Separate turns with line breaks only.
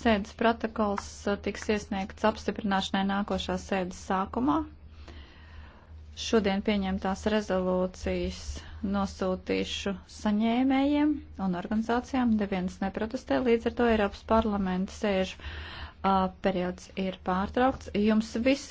Sēdes protokols uh, tiks iesniegts apstiprināšanai nākošā sēdes sākumā. Šodien pieņemtās rezolūcijas nosūtīšu saņēmējiem un organizācijām. Neviens neprotestē, līdz ar to Eiropas parlamenta sēžu uh, periods ir pārtraukts. Jums visiem.